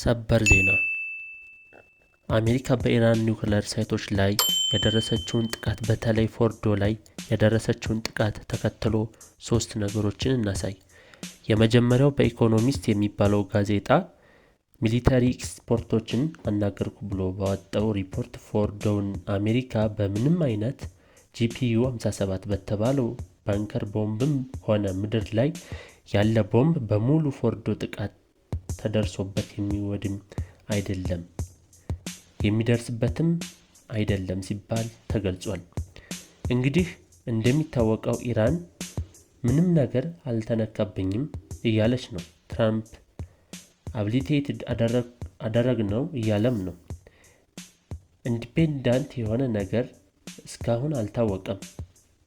ሰበር ዜና አሜሪካ በኢራን ኒውክለር ሳይቶች ላይ የደረሰችውን ጥቃት በተለይ ፎርዶ ላይ የደረሰችውን ጥቃት ተከትሎ ሶስት ነገሮችን እናሳይ። የመጀመሪያው በኢኮኖሚስት የሚባለው ጋዜጣ ሚሊተሪ ኤክስፖርቶችን አናገርኩ ብሎ ባወጣው ሪፖርት ፎርዶውን አሜሪካ በምንም አይነት ጂፒዩ 57 በተባለው ባንከር ቦምብም ሆነ ምድር ላይ ያለ ቦምብ በሙሉ ፎርዶ ጥቃት ተደርሶበት የሚወድም አይደለም የሚደርስበትም አይደለም ሲባል ተገልጿል። እንግዲህ እንደሚታወቀው ኢራን ምንም ነገር አልተነካብኝም እያለች ነው። ትራምፕ አብሊቴት አደረግ ነው እያለም ነው። ኢንዲፔንዳንት የሆነ ነገር እስካሁን አልታወቀም።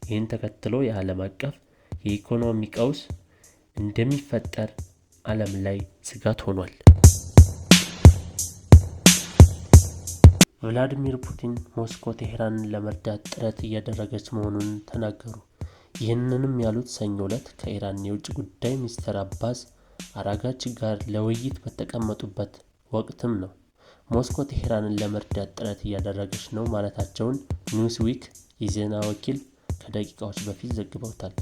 ይህን ተከትሎ የዓለም አቀፍ የኢኮኖሚ ቀውስ እንደሚፈጠር ዓለም ላይ ስጋት ሆኗል። ቭላዲሚር ፑቲን ሞስኮ ቴሄራንን ለመርዳት ጥረት እያደረገች መሆኑን ተናገሩ። ይህንንም ያሉት ሰኞ ዕለት ከኢራን የውጭ ጉዳይ ሚኒስትር አባስ አራጋች ጋር ለውይይት በተቀመጡበት ወቅትም ነው። ሞስኮ ቴሄራንን ለመርዳት ጥረት እያደረገች ነው ማለታቸውን ኒውስዊክ የዜና ወኪል ከደቂቃዎች በፊት ዘግበውታል።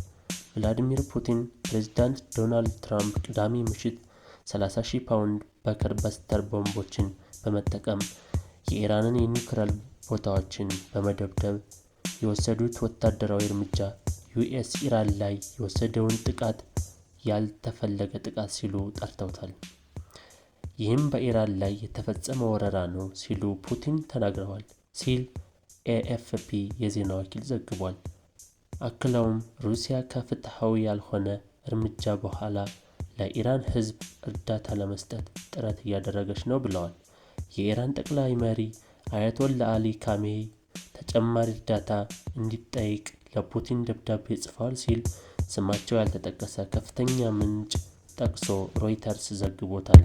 ቭላዲሚር ፑቲን ፕሬዝዳንት ዶናልድ ትራምፕ ቅዳሜ ምሽት 30,000 ፓውንድ በከርበስተር ቦምቦችን በመጠቀም የኢራንን የኒውክለር ቦታዎችን በመደብደብ የወሰዱት ወታደራዊ እርምጃ ዩኤስ ኢራን ላይ የወሰደውን ጥቃት ያልተፈለገ ጥቃት ሲሉ ጠርተውታል። ይህም በኢራን ላይ የተፈጸመ ወረራ ነው ሲሉ ፑቲን ተናግረዋል ሲል ኤኤፍፒ የዜና ወኪል ዘግቧል። አክለውም ሩሲያ ከፍትሐዊ ያልሆነ እርምጃ በኋላ ለኢራን ሕዝብ እርዳታ ለመስጠት ጥረት እያደረገች ነው ብለዋል። የኢራን ጠቅላይ መሪ አያቶላ አሊ ካሜይ ተጨማሪ እርዳታ እንዲጠይቅ ለፑቲን ደብዳቤ ጽፈዋል ሲል ስማቸው ያልተጠቀሰ ከፍተኛ ምንጭ ጠቅሶ ሮይተርስ ዘግቦታል።